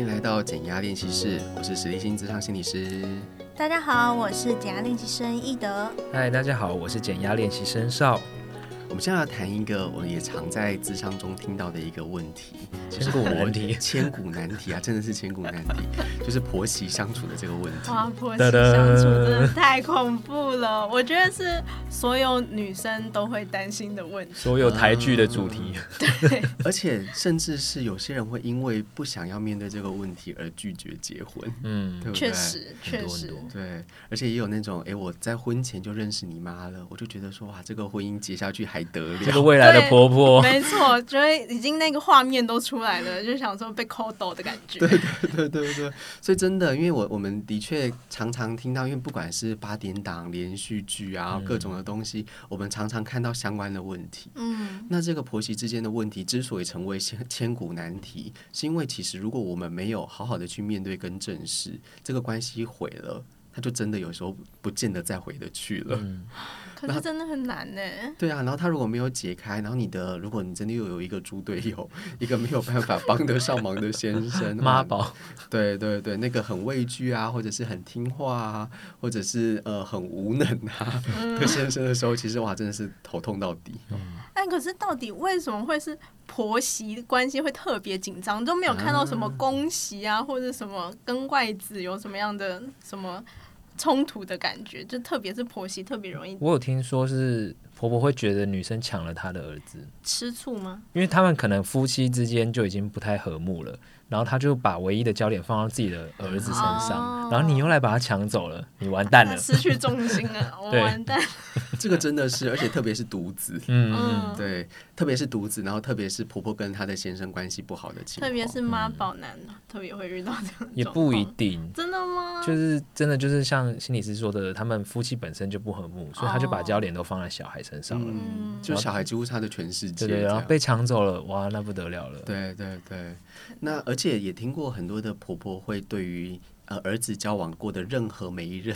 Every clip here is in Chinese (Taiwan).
歡迎來到減壓練習室，我是石瀝新諮商心理師。大家好，我是減壓練習生易德。嗨，大家好，我是減壓練習生邵。我們要談一個，我也常在諮商中聽到的一個問題，其、就、實、是，問題，千古難題啊，真的是千古難題， 就是婆媳相處的這個問題。哇，婆媳相處噠噠真的太恐怖了，我覺得是所有女生都會擔心的問題，所有台劇的主題。啊嗯、對， 而且甚至是有些人會因為不想要面對這個問題而拒絕結婚。嗯，對不對？確實，確實，對，而且也有那種，哎，我在婚前就認識你媽了，我就覺得說，哇，這個婚姻結下去還。這個未來的婆婆，沒錯，覺、就、得、是、已經那個畫面都出來了，就想說被 KO 到的感覺。 對對對對對，所以真的，因為我我們的確常常聽到，因為不管是八點檔連續劇啊，各種的東西，嗯，我們常常看到相關的問題。嗯，那這個婆媳之間的問題之所以成為千千古難題，是因為其實如果我們沒有好好的去面對跟正視這個關係，毀了。他就真的有時候不見得再回得去了。嗯、可是真的很難呢，欸。對啊，然後他如果沒有解開，然後你的如果你真的又有一個豬隊友， 一個沒有辦法幫得上忙的先生，媽 寶、嗯，對對對，那個很畏懼啊，或者是很聽話啊，或者是呃很無能啊、嗯、的先生的時候，其實哇真的是頭痛到底。哎、嗯，但可是到底為什麼會是婆媳關係會特別緊張？都沒有看到什麼公媳啊，啊，或者什麼跟外子有什麼樣的什麼？衝突的感覺，就特別是婆媳特別容易。我有聽說是婆婆會覺得女生搶了她的兒子，吃醋嗎？因為他們可能夫妻之間就已經不太和睦了。然後他就把唯一的焦點放到自己的兒子身上，哦、然後你又來把他搶走了，你完蛋了，失去重心了，完蛋。這個真的是，而且特別是獨子嗯，嗯，對，特別是獨子，然後特別是婆婆跟她的先生關係不好的情況，特別是媽寶男、嗯，特別會遇到這樣的情況。也不一定，真的嗎？就是真的，就是像心理師說的，他們夫妻本身就不和睦，所以他就把焦點都放在小孩身上了，哦、嗯，就小孩幾乎是他的全世界，對，對，然後被搶走了，哇，那不得了了。對對對，那而。而且也聽過很多的婆婆會對於，呃，兒子交往過的任何每一任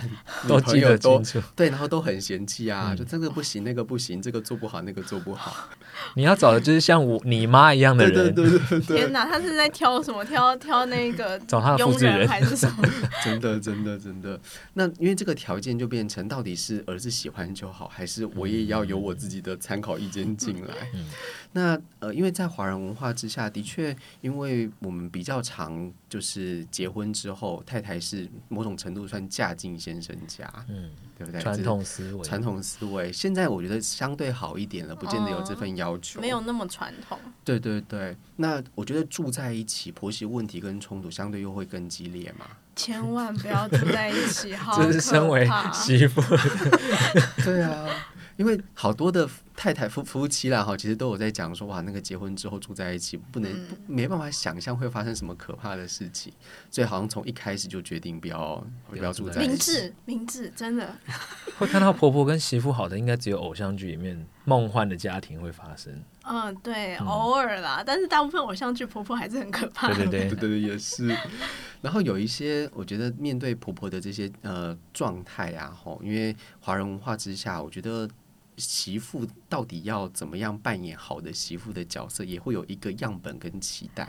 都，幾個都對，然後都很嫌棄啊、嗯，就這個不行，那個不行，這個做不好，那個做不好。你要找的就是像我 你媽一樣的人，對對，對對對。天哪，他是在挑什麼？挑挑那個找他的工具人還是什麼？的 真的，真的，真的。那因為這個條件就變成，到底是兒子喜歡就好，還是我也要有我自己的參考意見進來？嗯、那呃，因為在華人文化之下，的確，因為我們比較常。就是結婚之後，太太是某種程度算嫁進先生家，嗯，對不對？傳統思維，傳統思維。現在我覺得相對好一點了，不見得有這份要求。嗯，沒有那麼傳統。對對對，那我覺得住在一起，婆媳問題跟衝突相對又會更激烈嘛。千萬不要住在一起， 好，這、就是身為媳婦。 對啊，因為好多的。太太夫夫妻啦哈，其實都有在講說哇，那個結婚之後住在一起，不能、嗯、不沒辦法想象，會發生什麼可怕的事情，所以好像從一開始就決定不要、嗯、不要住在一起。明智，明智，真的。會看到婆婆跟媳婦好的，應該只有偶像劇裡面夢幻的家庭會發生。嗯、哦，對嗯，偶爾啦，但是大部分偶像劇婆婆還是很可怕的。對對對對對， 也是。然後有一些，我覺得面對婆婆的這些呃狀態啊，吼，因為華人文化之下，我覺得。媳婦到底要怎麼樣扮演好的媳婦的角色，也會有一個樣本跟期待，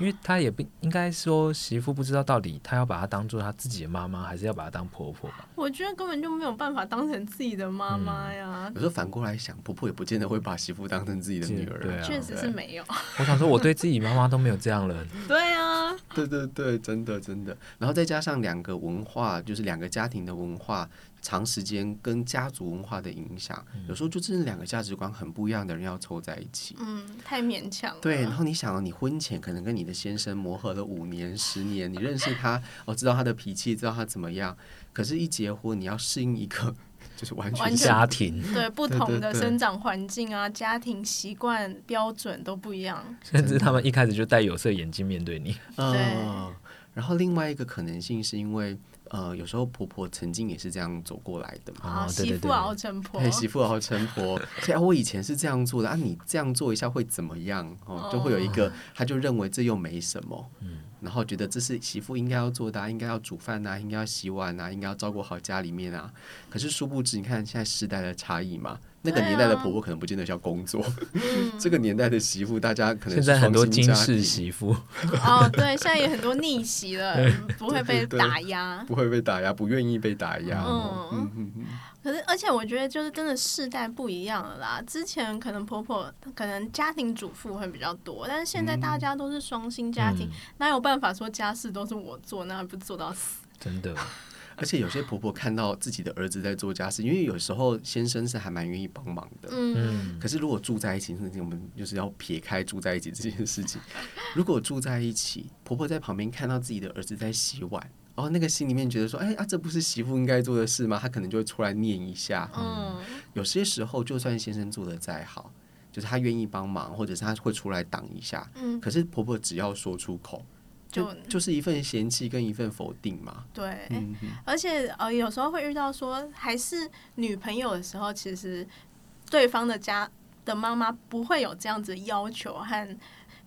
因為她也不應該說，媳婦不知道到底她要把她當做她自己的媽媽，還是要把她當婆婆吧？我覺得根本就沒有辦法當成自己的媽媽呀。嗯，可是反過來想，婆婆也不見得會把媳婦當成自己的女兒，啊，確實是沒有。我想說，我對自己媽媽都沒有這樣了。 對啊，對對對，真的真的。然後再加上兩個文化，就是兩個家庭的文化。長時間跟家族文化的影響、嗯，有時候就真的兩個價值觀很不一樣的人要湊在一起，嗯，太勉強了。對，然後你想、啊，你婚前可能跟你的先生磨合了五年、十年，你認識他，我、 哦、知道他的脾氣，知道他怎麼樣，可是一結婚，你要適應一個就是完全，完全家庭，對，不同的生長環境啊，對對對、家庭習慣、標準都不一樣，甚至他們一開始就戴有色眼鏡面對你，嗯、對。然後另外一個可能性是因為，呃，有時候婆婆曾經也是這樣走過來的嘛，媳婦熬成婆，對、媳婦熬成婆，像、 啊、我以前是這樣做的啊，你這樣做一下會怎麼樣？哦，就會有一個，哦、他就認為這又沒什麼，嗯，然後覺得這是媳婦應該要做的、啊，應該要煮飯啊，應該要洗碗啊，應該要照顧好家裡面啊。可是殊不知，你看現在時代的差異嘛。那個年代的婆婆可能不見得需要工作、啊，嗯、 這個年代的媳婦大家可能家現在很多驚世。媳婦 哦，對，現在也很多逆媳了，不會被打壓對對對，不會被打壓，不願意被打壓。嗯嗯嗯。可是，而且我覺得就是真的世代不一樣了啦。之前可能婆婆可能家庭主婦會比較多，但是現在大家都是雙薪家庭、嗯，哪有辦法說家事都是我做，那還不做到死？真的。而且有些婆婆看到自己的兒子在做家事，因為有時候先生是還蠻願意幫忙的、嗯。可是如果住在一起，我們就是要撇開住在一起這件事情。如果住在一起，婆婆在旁邊看到自己的兒子在洗碗，哦，那個心裡面覺得說，哎、欸、啊，這不是媳婦應該做的事嗎？她可能就會出來念一下、嗯。有些時候就算先生做得再好，就是他願意幫忙，或者是他會出來擋一下。可是婆婆只要說出口，就就，就是一份嫌棄跟一份否定嘛。對，嗯、而且呃，有時候會遇到說，還是女朋友的時候，其實對方的家的媽媽不會有這樣子的要求和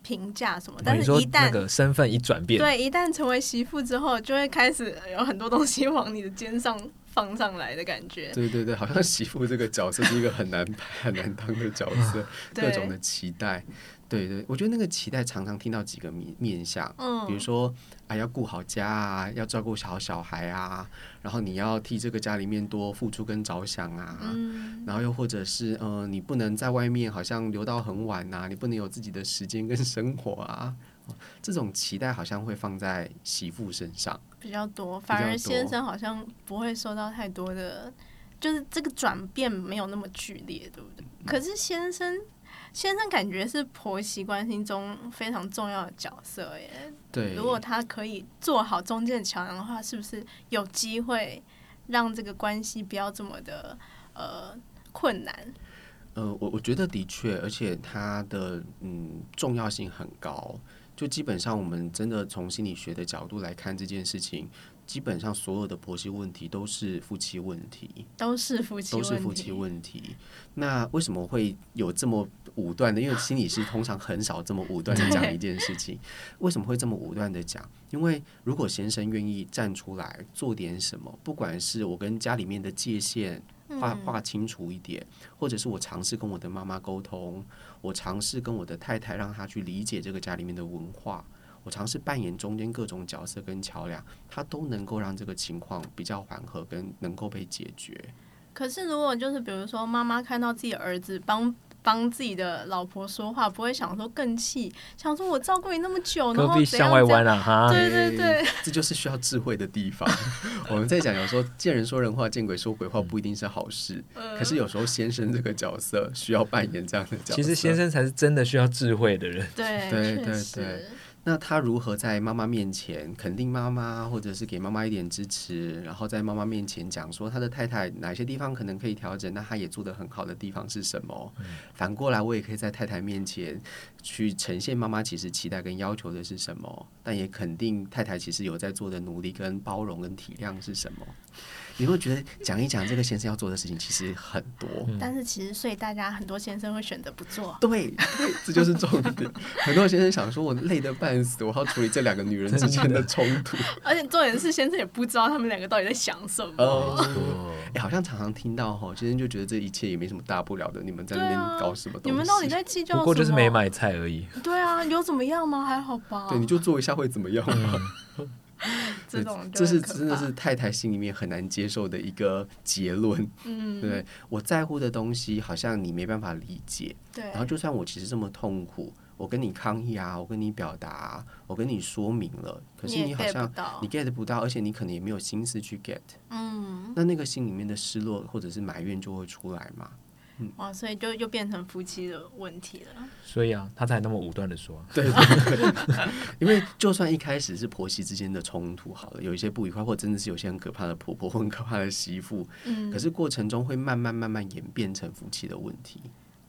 評價什麼。但是，一旦、嗯、個身份一轉變，對，一旦成為媳婦之後，就會開始有很多東西往你的肩上放上來的感覺。對對對，好像媳婦這個角色是一個很難拍、 很難當的角色， 對，各種的期待。對對，我覺得那個期待，常常聽到幾個面面向，比如說、嗯、啊要顧好家啊，要照顧好小、小孩啊，然後你要替這個家裡面多付出跟着想啊，嗯、然後又或者是呃你不能在外面好像留到很晚啊，你不能有自己的時間跟生活啊，哦、這種期待好像會放在媳婦身上比較多，反而先生好像不會受到太多的，多就是這個轉變沒有那麼劇烈，對不對？嗯、可是先生。先生感覺是婆媳關係中非常重要的角色，耶。對，如果他可以做好中間的橋樑的話，是不是有機會讓這個關係不要這麼的呃困難？呃，我我覺得的確，而且他的嗯重要性很高。就基本上，我們真的從心理學的角度來看這件事情，基本上所有的婆媳問題都是夫妻問題，都是夫妻都是夫妻問題。那為什麼會有這麼？武斷的，因為心理師通常很少這麼武斷的講一件事情。 為什麼會這麼武斷的講？因為如果先生願意站出來做點什麼，不管是我跟家裡面的界限畫畫清楚一點，或者是我嘗試跟我的媽媽溝通，我嘗試跟我的太太讓她去理解這個家裡面的文化，我嘗試扮演中間各種角色跟橋梁，他都能夠讓這個情況比較緩和，跟能夠被解決。可是如果就是比如說媽媽看到自己兒子幫。幫自己的老婆說話，不會想說更氣，想說我照顧你那麼久，然後怎樣這樣，何必向外彎啊？對對對，這就是需要智慧的地方。 我們在講有時候見人說人話，見鬼說鬼話，不一定是好事。 可是有時候先生這個角色需要扮演這樣的角色。其實先生才是真的需要智慧的人。對，對 對。那他如何在媽媽面前肯定媽媽，或者是給媽媽一點支持，然後在媽媽面前講說他的太太哪些地方可能可以調整？那他也做得很好的地方是什麼？反過來，我也可以在太太面前去呈現媽媽其實期待跟要求的是什麼，但也肯定太太其實有在做的努力、跟包容、跟體諒是什麼。你會覺得講一講這個先生要做的事情其實很多，但是其實所以大家很多先生會選擇不做。對，這就是重點。 很多先生想說：“我累得半死，我要處理這兩個女人之間的衝突。的的”而且重點是，先生也不知道他們兩個到底在想什麼。哎、哦嗯嗯欸，好像常常聽到哈、哦，先生就覺得這一切也沒什麼大不了的。你們在那邊搞什麼東西、啊？你們到底在計較什麼？不過就是沒買菜而已。對啊，有怎麼樣嗎？還好吧。對，你就做一下會怎麼樣嗎？嗯 這種，這是真的是太太心裡面很難接受的一個結論。嗯，對，我在乎的東西，好像你沒辦法理解。對，然後就算我其實這麼痛苦，我跟你抗議啊，我跟你表達啊，我跟你說明了，可是你好像你 get 不到，而且你可能也沒有心思去 get。嗯，那那個心裡面的失落或者是埋怨就會出來嘛。嗯、哇，所以就又變成夫妻的問題了。所以啊，他才那麼武斷的說。對，對，對， 因為就算一開始是婆媳之間的衝突，好了，有一些不愉快，或者真的是有些很可怕的婆婆或很可怕的媳婦、嗯，可是過程中會慢慢慢慢演變成夫妻的問題。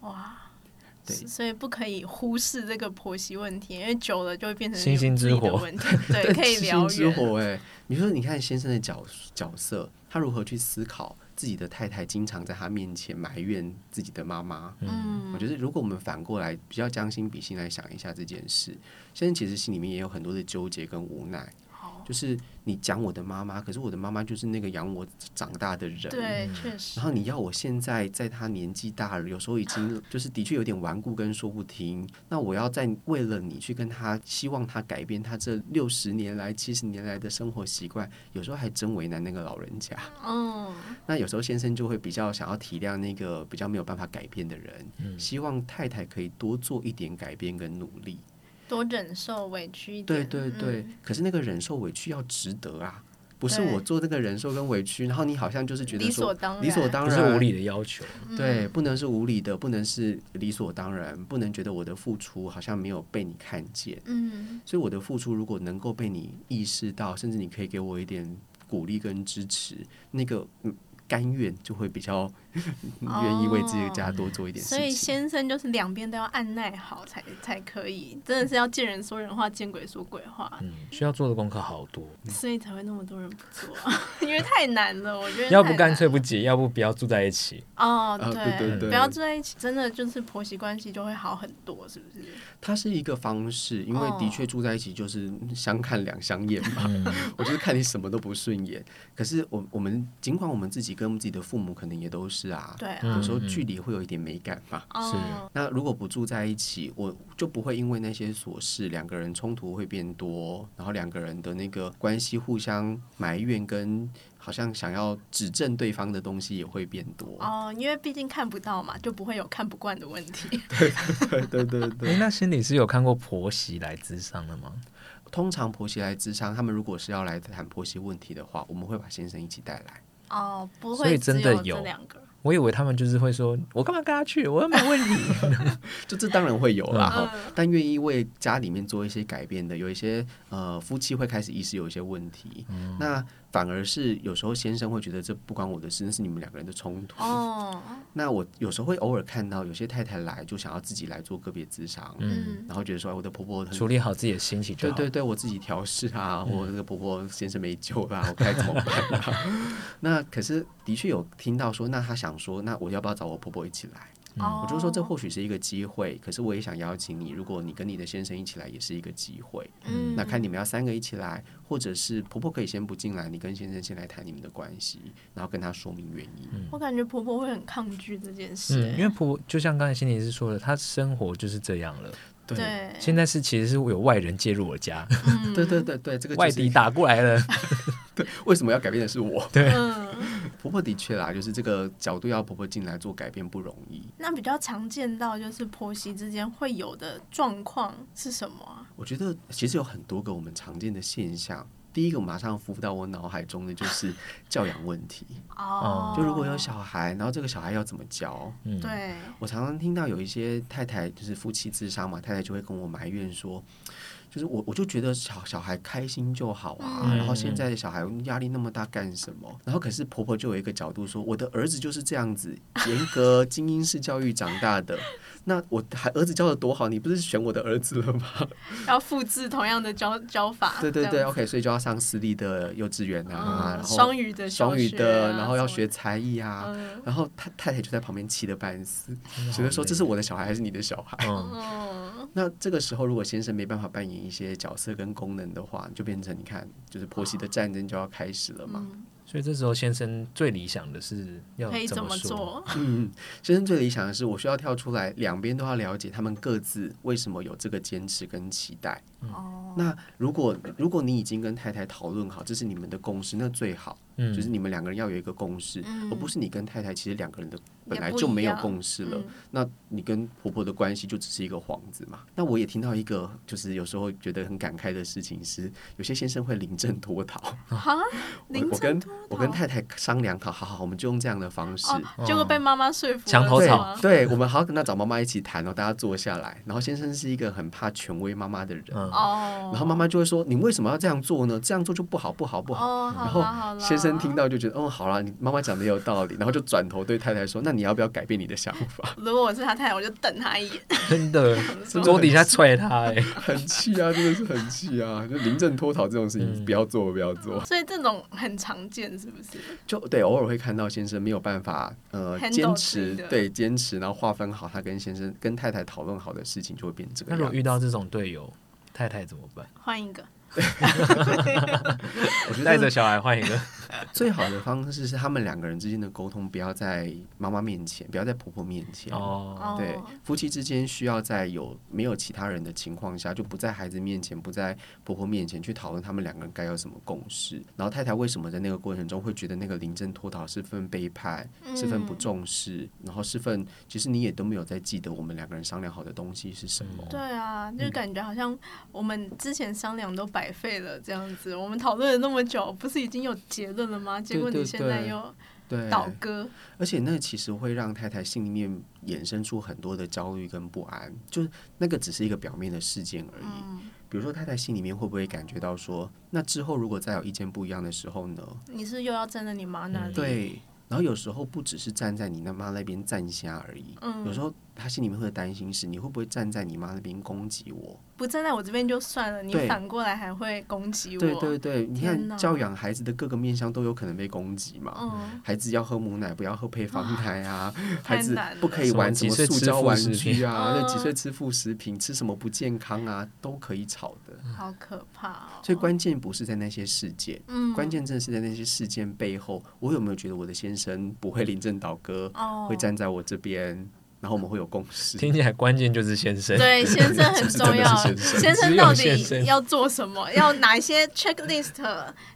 哇，嗯，對，所以不可以忽視這個婆媳問題，因為久了就會變成星星之火。對，可以燎原。欸。你說，你看先生的角角色，他如何去思考？自己的太太經常在他面前埋怨自己的媽媽。嗯，我覺得如果我們反過來比較將心比心來想一下這件事，先生其實心裡面也有很多的糾結跟無奈。就是你講我的媽媽，可是我的媽媽就是那個養我長大的人。對，確實。然後你要我現在在她年紀大了，有時候已經就是的確有點頑固跟說不聽。啊、那我要再為了你去跟她，希望她改變她這六十年來、七十年來的生活習慣，有時候還真為難那個老人家。哦、那有時候先生就會比較想要體諒那個比較沒有辦法改變的人，嗯、希望太太可以多做一點改變跟努力。多忍受委屈一點。對對對、嗯，可是那個忍受委屈要值得啊，不是我做那個忍受跟委屈，然後你好像就是覺得理所當然，理所當然是無理的要求、嗯。對，不能是無理的，不能是理所當然，不能覺得我的付出好像沒有被你看見。嗯，所以我的付出如果能夠被你意識到，甚至你可以給我一點鼓勵跟支持，那個甘願就會比較願 意為自己的家多做一點事，oh, 所以先生就是兩邊都要按捺好才才可以，真的是要見人說人話，見鬼說鬼話。嗯，需要做的功課好多，所以才會那麼多人不做， 因為太難了。我覺得要不乾脆不結，要不不要住在一起。哦、oh,，oh, 對對對，不要住在一起，真的就是婆媳關係就會好很多，是不是？它是一個方式，因為的確住在一起就是相看兩相厭嘛。Oh. 我覺得看你什麼都不順眼， 可是我我們儘管我們自己跟自己的父母，可能也都是。是啊，對啊，有時候距離會有一點美感吧。嗯嗯？是，那如果不住在一起，我就不會因為那些瑣事，兩個人衝突會變多，然後兩個人的那個關係互相埋怨，跟好像想要指正對方的東西也會變多。哦，因為畢竟看不到嘛，就不會有看不慣的問題。對對對對對，對。 那心裡師是有看過婆媳來諮商的嗎？通常婆媳來諮商，他們如果是要來談婆媳問題的話，我們會把先生一起帶來。哦，不會有，所以真的有兩個。我以為他們就是會說，我幹嘛跟他去？我又沒問題。 就這當然會有啦。嗯、但願意為家裡面做一些改變的，有一些呃夫妻會開始意識有一些問題，嗯。那反而是有時候先生會覺得這不關我的事，那是你們兩個人的衝突。哦。那我有時候會偶爾看到有些太太來，就想要自己來做個別諮商，嗯，然後覺得說，我的婆婆處理好自己的心情就好，對對對，我自己調試啊，嗯、我那個婆婆先生沒救了，啊，我該怎麼辦啊？ 那可是的確有聽到說，那他想。想說，那我要不要找我婆婆一起來？嗯。我就說這或許是一個機會，可是我也想邀請你。如果你跟你的先生一起來，也是一個機會。嗯，那看你們要三個一起來，或者是婆婆可以先不進來，你跟先生先來談你們的關係，然後跟他說明原因。嗯。我感覺婆婆會很抗拒這件事，嗯，因為婆婆就像剛才心理師說的，她生活就是這樣了。對，現在是其實是我有外人介入我家，對對對對，這 個外敵打過來了， 對，為什麼要改變的是我？對，嗯，婆婆的確啦，就是這個角度要婆婆進來做改變不容易。那比較常見到就是婆媳之間會有的狀況是什麼啊？我覺得其實有很多個我們常見的現象。第一個馬上浮到我腦海中的就是教養問題哦，oh. 就如果有小孩，然後這個小孩要怎麼教？對、oh.，我常常聽到有一些太太就是夫妻諮商嘛，太太就會跟我埋怨說，就是我我就覺得小小孩開心就好啊，mm -hmm. 然後現在的小孩壓力那麼大幹什麼？然後可是婆婆就有一個角度說，我的兒子就是這樣子嚴格精英式教育長大的。 那我還兒子教的多好，你不是選我的兒子了嗎？要複製同樣的教，教法。對對對，OK，所以就要上私立的幼稚園啊、嗯，然後雙語的、啊，雙語的，然後要學才藝啊、嗯，然後他太太就在旁邊氣得半死，只、嗯、能說這是我的小孩還是你的小孩、嗯？那這個時候如果先生沒辦法扮演一些角色跟功能的話，就變成你看，就是婆媳的戰爭就要開始了嘛。嗯所以這時候，先生最理想的是要怎麼做？嗯，先生最理想的是，我需要跳出來，兩邊都要了解他們各自為什麼有這個堅持跟期待。哦、嗯，那如果如果你已經跟太太討論好，這是你們的共識，那最好，嗯、就是你們兩個人要有一個共識、嗯，而不是你跟太太其實兩個人的本來就沒有共識了。嗯、那你跟婆婆的關係就只是一個幌子嘛。那我也聽到一個就是有時候覺得很感慨的事情是，有些先生會臨陣脫逃啊，我，我跟我跟太太商量，好好好，我們就用這樣的方式，啊、就會被媽媽說服了。牆、嗯、頭草對，對，我們好，好跟他找媽媽一起談哦，大家坐下來，然後先生是一個很怕權威媽媽的人。嗯哦，然後媽媽就會說：“你為什麼要這樣做呢？這樣做就不好，不好，不好。”然後先生聽到就覺得：“哦，好啦，你媽媽講的也有道理。”然後就轉頭對太太說：“那你要不要改變你的想法？”如果我是他太太，我就瞪他一眼。真的，從桌底下踹他，哎，很氣啊！真的是很氣啊！就臨陣脫逃這種事情，不要做，不要做。所以這種很常見，是不是？就對，偶爾會看到先生沒有辦法，呃，堅持，對，堅持，然後劃分好他跟先生、跟太太討論好的事情，就會變這樣。那如果遇到這種隊友？太太怎麼辦？換一個。我就帶着小孩換一個 最好的方式是，他們兩個人之間的溝通不要在媽媽面前，不要在婆婆面前哦。Oh. 對，夫妻之間需要在有沒有其他人的情況下，就不在孩子面前，不在婆婆面前去討論他們兩個人該有什麼共識。然後太太為什麼在那個過程中會覺得那個臨陣脫逃是份背叛，是份不重視，嗯、然後是份其實你也都沒有在記得我們兩個人商量好的東西是什麼？對啊，就是、感覺好像我們之前商量都白白費了這樣子，我們討論了那麼久，不是已經有結論了嗎？結果你現在又倒戈。對對對，而且那其實會讓太太心裡面衍生出很多的焦慮跟不安，就是那個只是一個表面的事件而已，嗯。比如說太太心裡面會不會感覺到說，那之後如果再有意見不一樣的時候呢？你是又要站在你媽那裡？嗯。對。然後有時候不只是站在你那媽那邊站一下而已，嗯，有時候。他心裡面會擔心是你會不會站在你媽那邊攻擊我？不站在我這邊就算了，你反過來還會攻擊我？對對對，你看教養孩子的各個面向都有可能被攻擊嘛，嗯，孩子要喝母奶不要喝配方奶啊,啊太難了，孩子不可以玩什麼塑膠玩具啊，那幾歲吃副食品,、啊嗯、吃,副食品吃什麼不健康啊，都可以吵的。好可怕啊！所以關鍵不是在那些事件，嗯、關鍵正是在那些事件背後，我有沒有覺得我的先生不會臨陣倒戈、哦，會站在我這邊？然後我們會有共識，聽起來關鍵就是先生。對，先生很重要。 先生啊，先生到底要做什麼？要哪一些 checklist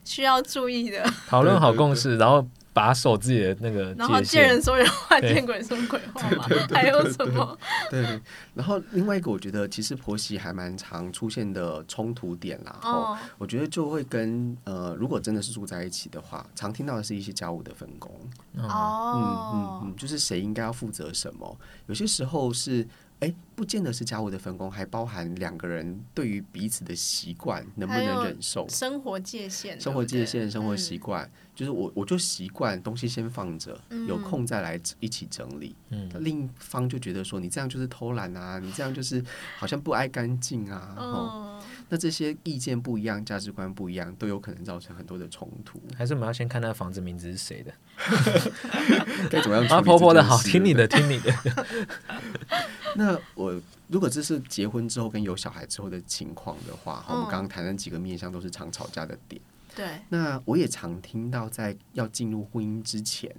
需要注意的？討論好共識，對對對，然後。把守自己的那個界限，然後見人說人話，見鬼說鬼話嘛，對對對對對對，還有什麼？對。然後另外一個，我覺得其實婆媳還蠻常出現的衝突點啦。哦。然後我覺得就會跟呃，如果真的是住在一起的話，常聽到的是一些家務的分工。哦。嗯嗯嗯，就是誰應該要負責什麼？有些時候是。哎、欸，不見得是家務的分工，還包含兩個人對於彼此的習慣能不能忍受，生活界限、生活界限，對不對生活習慣，嗯，就是我我就習慣東西先放着，嗯，有空再來一起整理。嗯，另一方就覺得說你這樣就是偷懶啊，你這樣就是好像不愛乾淨啊。 哦那這些意見不一樣，價值觀不一樣，都有可能造成很多的衝突。還是我們要先看那個房子名字是誰的，該 怎麼樣？阿婆婆的好，聽你的，聽你的。 那我如果這是結婚之後跟有小孩之後的情況的話，我們剛剛談的幾個面向都是常吵架的點、嗯。對。那我也常聽到在要進入婚姻之前。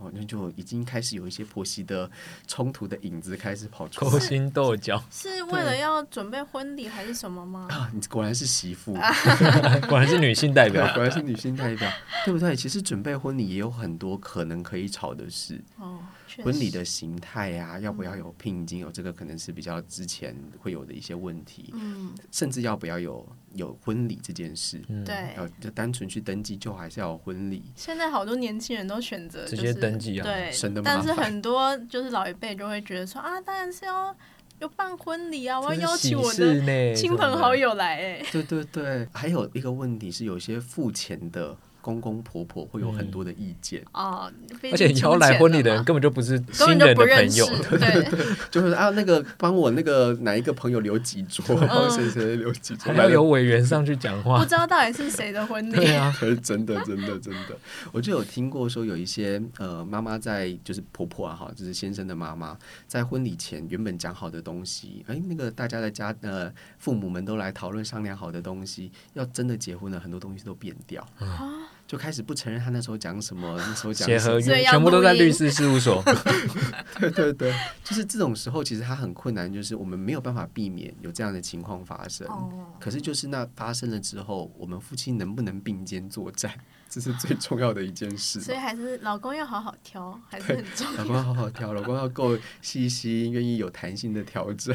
哦，那就已經開始有一些婆媳的衝突的影子開始跑出來，勾心鬥角，是為了要準備婚禮還是什麼嗎？啊，你果然是媳婦， 果然是女性代表， 果然是女性代表， 對不對？其實準備婚禮也有很多可能可以吵的事。哦婚禮的形態啊，要不要有聘金？有、嗯、這個可能是比較之前會有的一些問題，嗯、甚至要不要有有婚禮這件事？對、嗯，就單純去登記，就還是要有婚禮？現在好多年輕人都選擇、就是、直接登記啊，對，但是很多就是老一輩就會覺得說啊，當然是要有辦婚禮啊，我要邀請我的親朋好友來、欸，哎，對對對，還有一個問題是有些付錢的。公公婆婆會有很多的意見、嗯啊、的而且你要來婚禮的人根本就不是，新人的朋友就對 對。就是啊，那個幫我那個哪一個朋友留幾桌，嗯、幫誰誰留幾桌，還要有委員上去講話，不知道到底是誰的婚禮 對啊？是 真的，真的，真的，我就有聽過說有一些呃，媽媽在就是婆婆啊，哈，就是先生的媽媽在婚禮前原本講好的東西，哎，那個大家在家呃父母們都來討論商量好的東西，要真的結婚了，很多東西都變掉、嗯就開始不承認他那時候講什麼，那時候講什麼合，全部都在律師事務所。 對對對，就是這種時候，其實他很困難，就是我們沒有辦法避免有這樣的情況發生。哦。可是就是那發生了之後，我們夫妻能不能並肩作戰？這是最重要的一件事，所以還是老公要好好挑，還是很重要。老公要好好挑，老公要夠細心，願意有彈性的調整。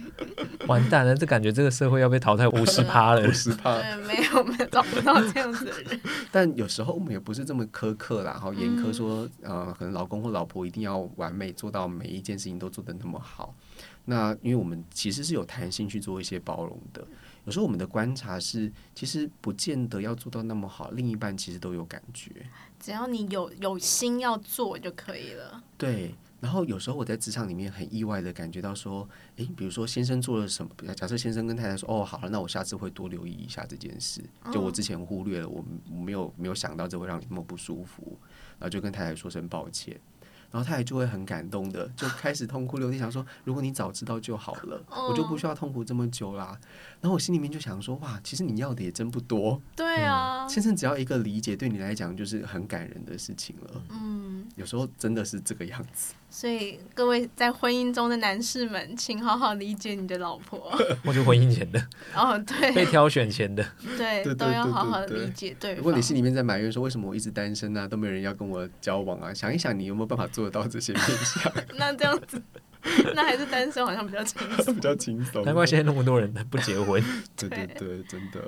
完蛋了，這感覺這個社會要被淘汰五十趴了，五十趴。沒有，我們找不到這樣子的人。 但有時候我們也不是這麼苛刻啦，然後嚴苛說，嗯、呃，可能老公或老婆一定要完美做到每一件事情都做得那麼好。那因為我們其實是有彈性去做一些包容的。有時候我們的觀察是，其實不見得要做到那麼好，另一半其實都有感覺。只要你有有心要做就可以了。對，然後有時候我在職場裡面很意外的感覺到說，哎，比如說先生做了什麼，假設先生跟太太說，哦，好了，那我下次會多留意一下這件事，就我之前忽略了，我我沒有沒有想到這會讓你那麼不舒服，然後就跟太太說聲抱歉。然後他也就會很感動的，就開始痛哭流涕，想說：“如果你早知道就好了，我就不需要痛苦這麼久啦。”然後我心裡面就想說：“哇，其實你要的也真不多。”對啊，先生只要一個理解，對你來講就是很感人的事情了。嗯，有時候真的是這個樣子。所以各位在婚姻中的男士們，請好好理解你的老婆。或者婚姻前的哦，對，被挑選前的，對，都要好好理解對方，對，對，對，對，對，如果你心裡面在埋怨說，為什麼我一直單身啊，都沒有人要跟我交往啊，想一想，你有沒有辦法做得到這些？ 那這樣子，那還是單身好像比較輕鬆， 比較輕鬆。難怪現在那麼多人不結婚， 對對對，真的。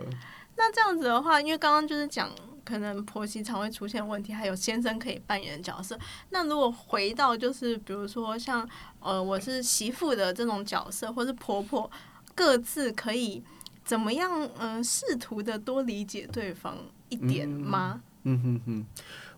那這樣子的話，因為剛剛就是講。可能婆媳常會出現問題，還有先生可以扮演角色。那如果回到就是，比如說像呃，我是媳婦的這種角色，或是婆婆各自可以怎麼樣？嗯、呃，試圖的多理解對方一點嗎？嗯，嗯哼嗯，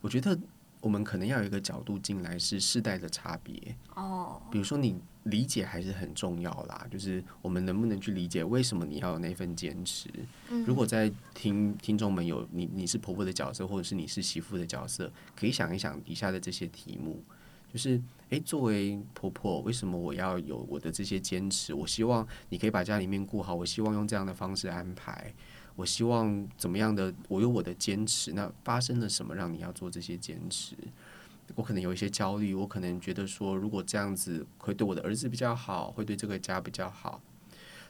我覺得我們可能要有一個角度進來，是世代的差別哦。比如說你。理解還是很重要啦，就是我們能不能去理解為什麼你要有那份堅持？嗯、如果在聽聽眾們有你，你是婆婆的角色，或者是你是媳婦的角色，可以想一想以下的這些題目，就是誒，作為婆婆，為什麼我要有我的這些堅持？我希望你可以把家裡面顧好，我希望用這樣的方式安排，我希望怎麼樣的？我有我的堅持，那發生了什麼讓你要做這些堅持？我可能有一些焦慮，我可能覺得說，如果這樣子會對我的兒子比較好，會對這個家比較好。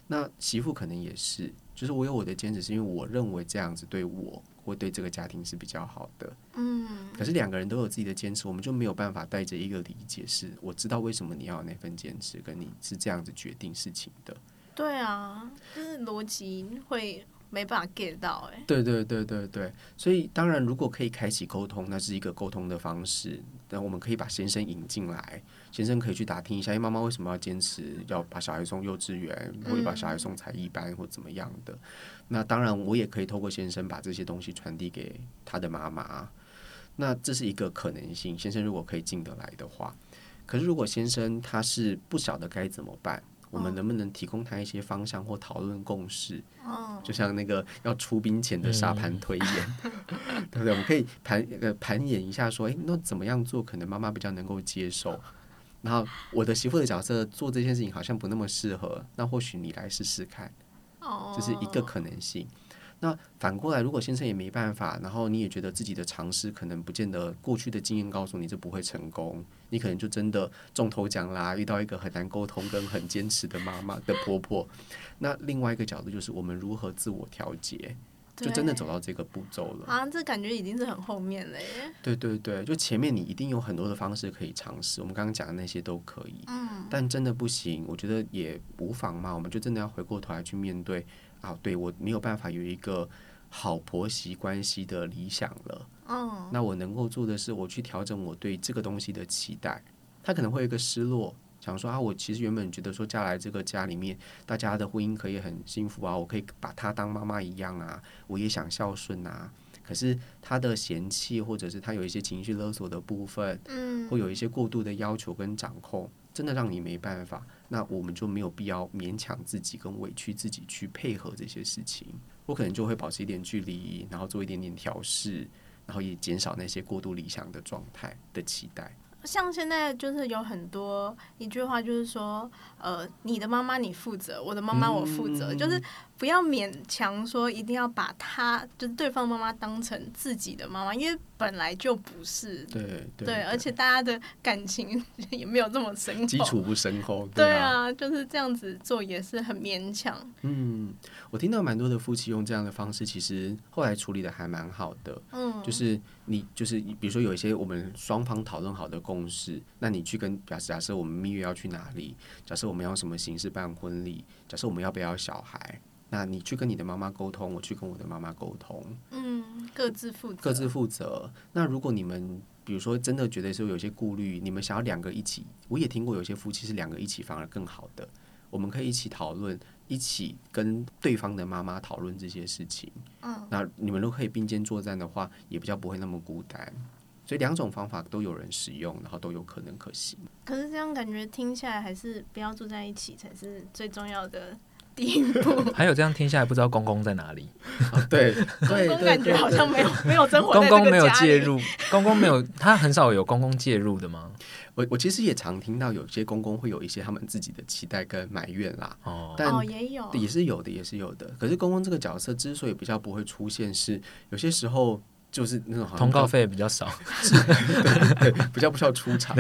那媳婦可能也是，就是我有我的堅持，是因為我認為這樣子對我，會對這個家庭是比較好的。嗯。可是兩個人都有自己的堅持，我們就沒有辦法帶着一個理解，是我知道為什麼你要有那份堅持，跟你是這樣子決定事情的。對啊，就是邏輯會。沒辦法 get 到誒、欸，對對對對對，所以當然，如果可以開啟溝通，那是一個溝通的方式。那我們可以把先生引進來，先生可以去打聽一下，哎，媽媽為什麼要堅持要把小孩送幼稚園，或者把小孩送才藝班、嗯，或怎麼樣的？那當然，我也可以透過先生把這些東西傳遞給他的媽媽。那這是一個可能性，先生如果可以進得來的話。可是如果先生他是不曉得該怎麼辦？我們能不能提供他一些方向或討論共識？就像那個要出兵前的沙盤推演，嗯、 對不對？我們可以盤呃盤演一下，說，哎，那怎麼樣做可能媽媽比較能夠接受？然後我的媳婦的角色做這件事情好像不那麼適合，那或許你來試試看，這、就是一個可能性。那反過來，如果先生也沒辦法，然後你也覺得自己的嘗試可能不見得，過去的經驗告訴你就不會成功，你可能就真的中頭獎啦，遇到一個很難溝通跟很堅持的媽媽的婆婆。 那另外一個角度就是，我們如何自我調節，就真的走到這個步驟了。啊，這感覺已經是很後面了耶。對對對，就前面你一定有很多的方式可以嘗試，我們剛剛講的那些都可以。但真的不行，我覺得也無妨嘛，我們就真的要回過頭來去面對。啊、oh，對，我沒有辦法有一個好婆媳關係的理想了。Oh. 那我能夠做的是，我去調整我對這個東西的期待。他可能會有一個失落，想說啊，我其實原本覺得說嫁來這個家裡面，大家的婚姻可以很幸福啊，我可以把她當媽媽一樣啊，我也想孝順啊。可是她的嫌棄，或者是她有一些情緒勒索的部分，嗯、mm，會有一些過度的要求跟掌控，真的讓你沒辦法。那我們就沒有必要勉強自己跟委屈自己去配合這些事情，我可能就會保持一點距離，然後做一點點調適，然後也減少那些過度理想的狀態的期待。像現在就是有很多一句話，就是說，呃，你的媽媽你負責，我的媽媽我負責、嗯，就是。不要勉強說一定要把他，就是對方媽媽當成自己的媽媽，因為本來就不是。對對，對，而且大家的感情 也沒有這麼深厚，基礎不深厚，對啊。對啊，就是這樣子做也是很勉強。嗯，我聽到蠻多的夫妻用這樣的方式，其實後來處理的還蠻好的。嗯，就是你就是比如說有一些我們雙方討論好的共識，那你去跟假假設我們蜜月要去哪裡，假設我們要什麼形式辦婚禮，假設我們要不要小孩。那你去跟你的媽媽溝通，我去跟我的媽媽溝通，嗯，各自負各自負責。那如果你們比如說真的覺得說有些顧慮，你們想要兩個一起，我也聽過有些夫妻是兩個一起反而更好的。我們可以一起討論，一起跟對方的媽媽討論這些事情。嗯，那你們如果可以並肩作戰的話，也比較不會那麼孤單。所以兩種方法都有人使用，然後都有可能可行。可是這樣感覺聽起來，還是不要住在一起才是最重要的。 還有這樣聽下來不知道公公在哪裡？啊、對公公好像沒有沒有真公公沒有介入， 公公沒有，他很少有公公介入的嗎？我我其實也常聽到有些公公會有一些他們自己的期待跟埋怨啦，哦，但哦也有也是有的也是有的，可是公公這個角色之所以比較不會出現是，是有些時候就是那種通告費比較少是， 比較不需要出場，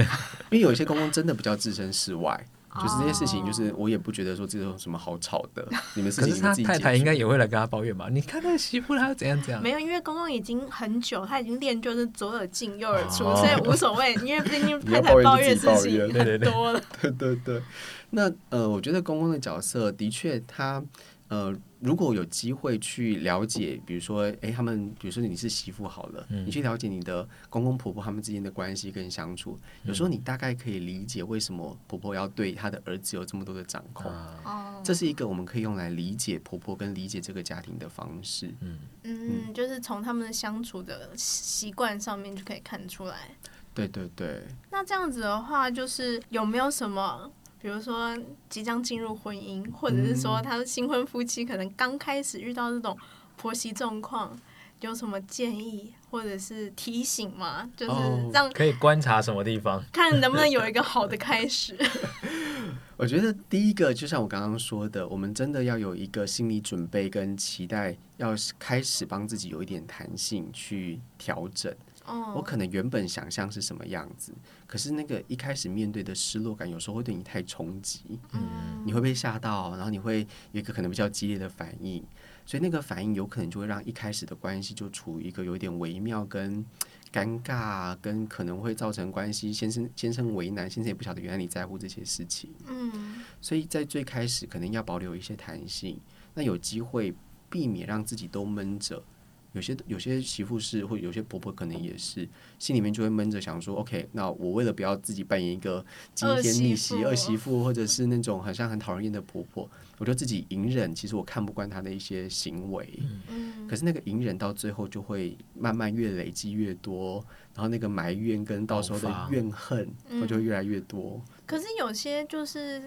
因為有些公公真的比較置身事外。就是這些事情，就是我也不覺得說這種什麼好吵的，你們事情，你們自己解決。可是他太太應該也會來跟他抱怨吧？ 你看他媳婦，他怎樣怎樣？沒有，因為公公已經很久，他已經練就是左耳進右耳出。哦，所以無所謂。 因為畢竟太太抱怨的事情很多了。對對對。對對對，那呃，我覺得公公的角色的確他，他呃。如果有機會去了解，比如說，哎，欸，他們，比如說你是媳婦好了，嗯，你去了解你的公公婆婆他們之間的關係跟相處，嗯，有時候你大概可以理解為什麼婆婆要對她的兒子有這麼多的掌控。嗯，這是一個我們可以用來理解婆婆跟理解這個家庭的方式。嗯嗯，就是從他們的相處的習慣上面就可以看出來。對對對。那這樣子的話，就是有沒有什麼？比如說即將進入婚姻，或者是說他的新婚夫妻可能剛開始遇到這種婆媳狀況，有什麼建議或者是提醒嗎？就是讓、哦、可以觀察什麼地方，看能不能有一個好的開始。 我覺得第一個，就像我剛剛說的，我們真的要有一個心理準備跟期待，要開始幫自己有一點彈性去調整。Oh. 我可能原本想象是什麼樣子，可是那個一開始面對的失落感，有時候會對你太衝擊，mm. 你會被嚇到，然後你會有一個可能比較激烈的反應，所以那個反應有可能就會讓一開始的關係就處於一個有點微妙跟尷尬，跟可能會造成關係，先生先生為難，先生也不曉得原來你在乎這些事情。嗯、mm.，所以在最開始可能要保留一些彈性，那有機會避免讓自己都悶着。有些有些媳婦是，或有些婆婆可能也是，心裡面就會悶着，想說、嗯、：“OK，那我為了不要自己扮演一個驚天逆襲二媳婦，或者是那種很像很討人厭的婆婆、嗯，我就自己隱忍。其實我看不慣她的一些行為，嗯、可是那個隱忍到最後就會慢慢越累積越多，然後那個埋怨跟到時候的怨恨，那、嗯、就越來越多。可是有些就是。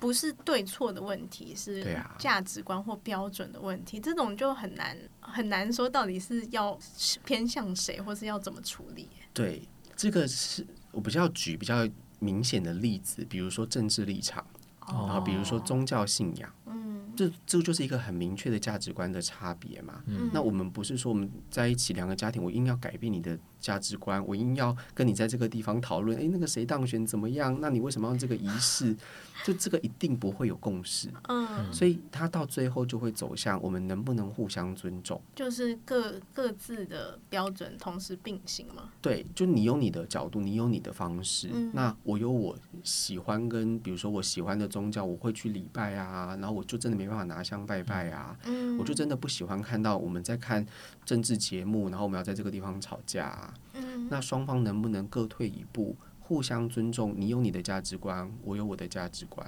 不是對錯的問題，是價值觀或標準的問題。啊、這種就很難很難說到底是要偏向誰，或是要怎麼處理。對，這個是我比較舉比較明顯的例子，比如說政治立場，哦、然後比如說宗教信仰，嗯，這這就,就是一個很明確的價值觀的差別嘛、嗯。那我們不是說我們在一起兩個家庭，我硬要改變你的。價值觀，我硬要跟你在這個地方討論，哎、欸，那個誰當選怎麼樣？那你為什麼要這個儀式？ 就這個一定不會有共識，嗯，所以它到最後就會走向我們能不能互相尊重？就是各各自的標準同時並行嗎？對，就你用你的角度，你用你的方式、嗯，那我有我喜歡跟比如說我喜歡的宗教，我會去禮拜啊，然後我就真的沒辦法拿香拜拜啊，嗯，我就真的不喜歡看到我們在看。政治節目，然後我們要在這個地方吵架，嗯，那雙方能不能各退一步，互相尊重？你有你的價值觀，我有我的價值觀，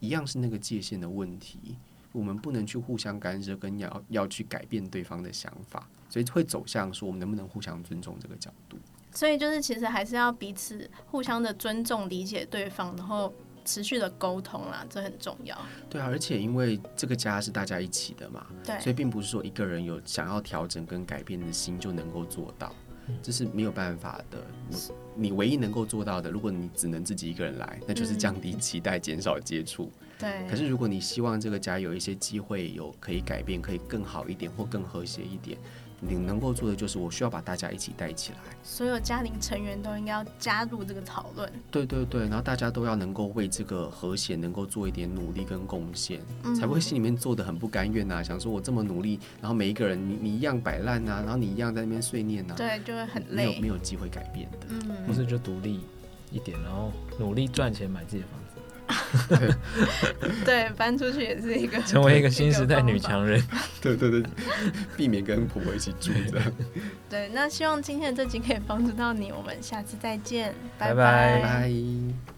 一樣是那個界限的問題。我們不能去互相干涉，跟要要去改變對方的想法，所以會走向說我們能不能互相尊重這個角度。所以就是其實還是要彼此互相的尊重、理解對方，然後。持續的溝通啦，這很重要。對啊，而且因為這個家是大家一起的嘛，對。所以並不是說一個人有想要調整跟改變的心就能夠做到，嗯。這是沒有辦法的。你唯一能夠做到的，如果你只能自己一個人來，那就是降低期待，嗯，減少接觸。對。可是如果你希望這個家有一些機會有可以改變，可以更好一點或更和諧一點，你能夠做的就是，我需要把大家一起帶起來。所有家庭成員都應該要加入這個討論。對對對，然後大家都要能夠為這個和諧能夠做一點努力跟貢獻，才不會心裡面做得很不甘願啊，想說我這麼努力，然後每一個人你你一樣擺爛啊，然後你一樣在那邊碎念啊。對，就會很累，沒有沒有機會改變的。嗯，不是就獨立一點，然後努力賺錢買自己的房。 對，搬出去也是一個成為一個新時代女強人。 對對對，避免跟婆婆一起住的。 對，那希望今天的這集可以幫助到你，我們下次再見，拜拜拜。Bye bye